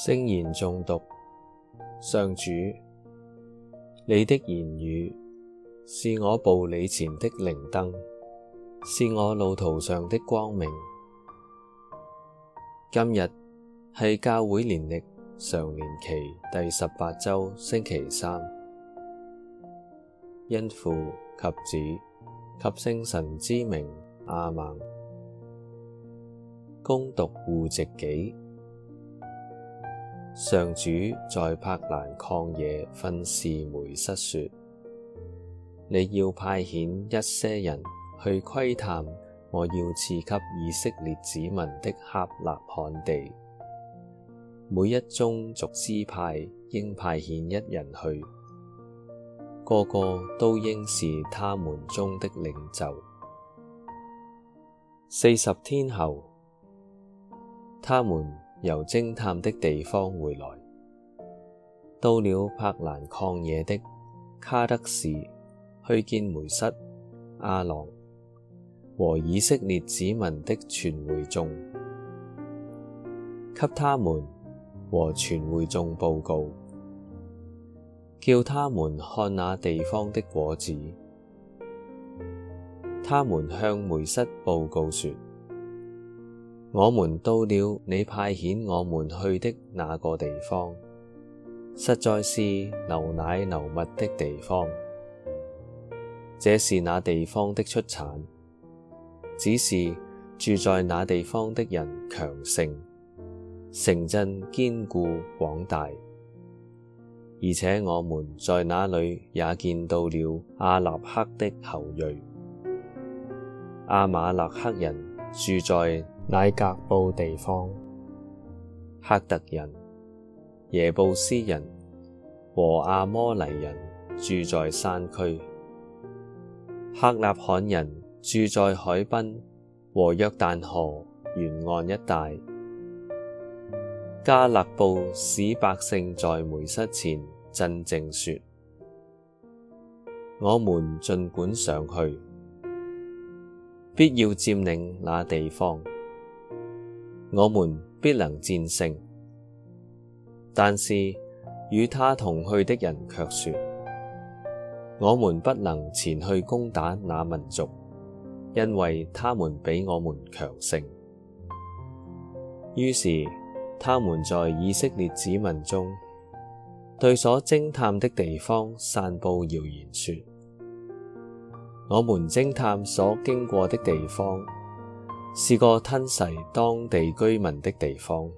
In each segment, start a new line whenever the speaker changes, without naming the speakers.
聖言誦讀，上主，你的言語是我步履前的靈燈，是我路途上的光明。今日係教會年曆常年期第十八周星期三，因父及子及聖神之名，阿們，恭讀戶籍紀。上主在帕蘭曠野訓示梅瑟說：你要派遣一些人去窺探我要賜給以色列子民的客納罕地，每一宗族支派應派遣一人去，個個都應是他們中的領袖。四十天後，他們。由偵探的地方回來，到了帕蘭曠野的卡德士去見梅瑟、亞郎和以色列子民的全會眾，給他們和全會眾報告，叫他們看那地方的果子。他們向梅瑟報告說。我們到了你派遣我們去的那個地方，實在是流奶流蜜的地方。這是那地方的出產，只是住在那地方的人強盛，城鎮堅固廣大，而且我們在那裏也見到了阿納克的後裔，阿瑪肋克人住在。乃格布地方，赫特人、耶步斯人和阿摩黎人住在山區；客納罕人住在海濱和約但河沿岸一帶。加肋布使百姓在梅瑟前鎮靜說：我們盡管上去，必要佔領那地方。我們必能戰勝，但是與他同去的人卻說：我們不能前去攻打那民族，因為他們比我們強盛。於是他們在以色列子民中，對所偵探的地方散布謠言，說：我們偵探所經過的地方。是個吞噬當地居民的地方。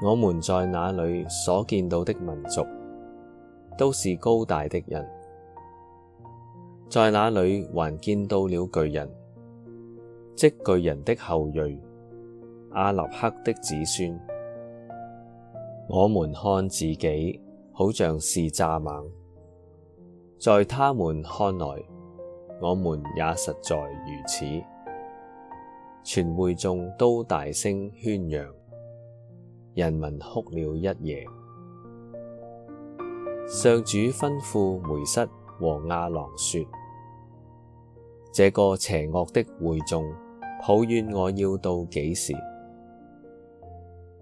我們在那裏所見到的民族都是高大的人，在那裏還見到了巨人，即巨人的後裔阿納克的子孫。我們看自己好像是蚱蜢，在他們看來，我們也實在如此。全會眾都大聲喧嚷，人民哭了一夜。上主吩咐梅瑟和亞郎說：這個邪惡的會眾抱怨我要到幾時？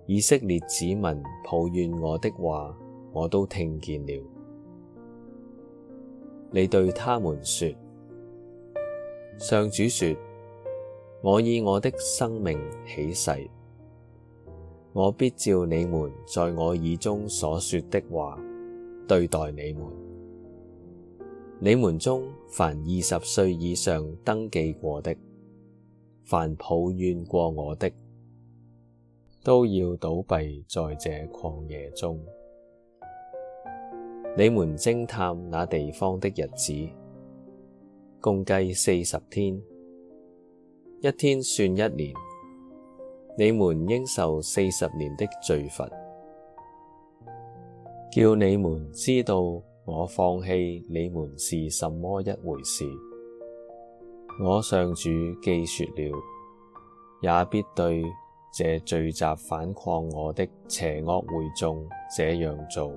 以色列子民抱怨我的話，我都聽見了。你對他們說：上主說。我以我的生命起誓，我必照你們在我耳中所說的話，對待你們。你們中凡二十歲以上登記過的，凡抱怨過我的，都要倒斃在這曠野中。你們偵探那地方的日子，共計四十天。一天算一年，你們應受四十年的罪罰，叫你們知道我放棄你們是什麼一回事。我上主既說了，也必對這聚集反抗我的邪惡會眾這樣做。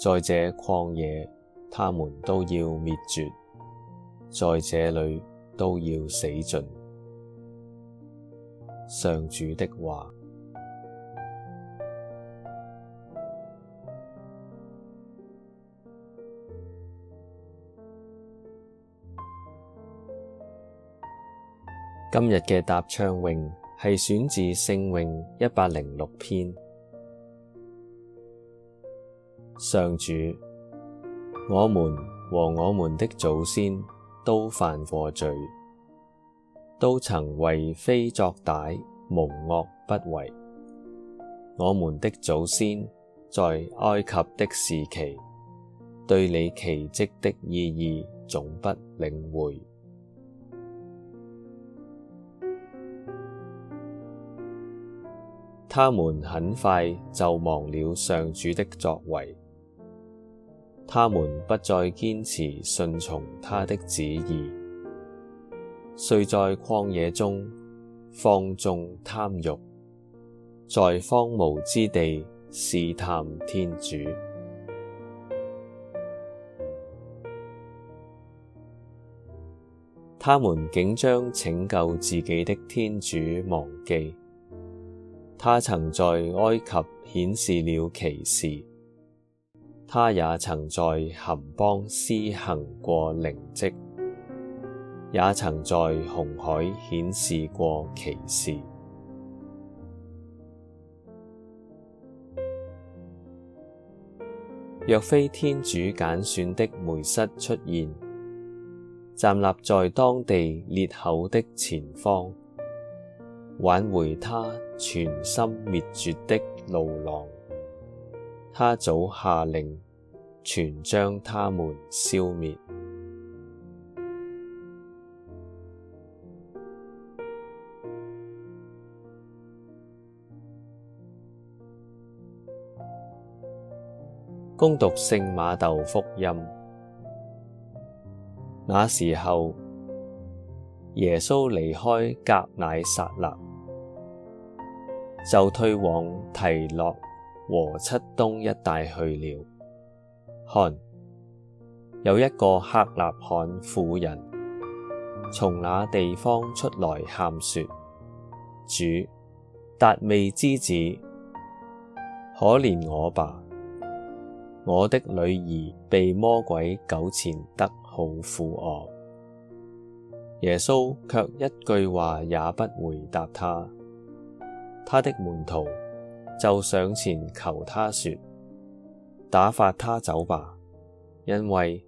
在這曠野，他們都要滅絕，在這裏都要死盡。上主的話。今日嘅答唱詠係選自聖詠一百零六篇。上主，我們和我們的祖先都犯過罪，都曾為非作歹，無惡不為。我們的祖先在埃及的時期，對你奇蹟的意義總不領會，他們很快就忘了上主的作為，他們不再堅持順從他的旨意。遂在曠野中，放縱貪欲，在荒蕪之地試探天主。他們竟將拯救自己的天主忘記。他曾在埃及顯示了奇事，他也曾在含邦施行過靈蹟。也曾在紅海顯示過奇事。若非天主揀選的梅瑟出現，站立在當地裂口的前方，挽回他存心滅絕的怒浪，他早下令全將他們消滅。恭讀聖瑪竇福音。那時候，耶穌離開革乃撒勒，就退往提洛和漆冬一帶去了。看，有一個客納罕婦人，從那地方出來喊說：主，達味之子，可憐我吧！我的女兒被魔鬼糾纏得好苦哦！耶穌卻一句話也不回答他。他的門徒就上前求他說：打發他走吧，因為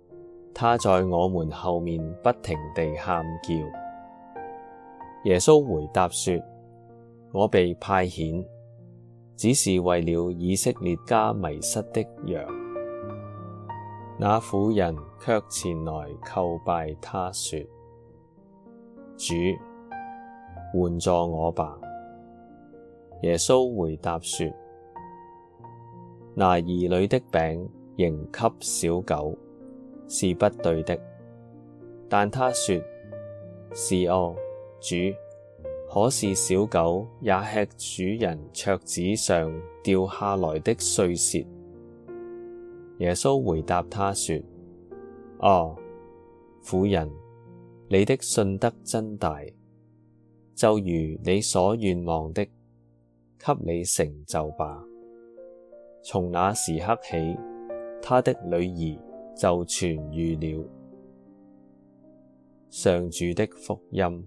他在我們後面不停地喊叫。耶穌回答說：我被派遣，只是為了以色列家迷失的羊。那婦人卻前來叩拜，他說：主，援助我吧。耶穌回答說：拿兒女的餅，扔給小狗，是不對的。但他說：是哦，主。可是小狗也吃主人桌子上掉下來的碎屑。耶穌回答他說：哦，婦人，你的信德真大，就如你所願望的，給你成就吧。從那時刻起，他的女兒就痊愈了。上主的福音。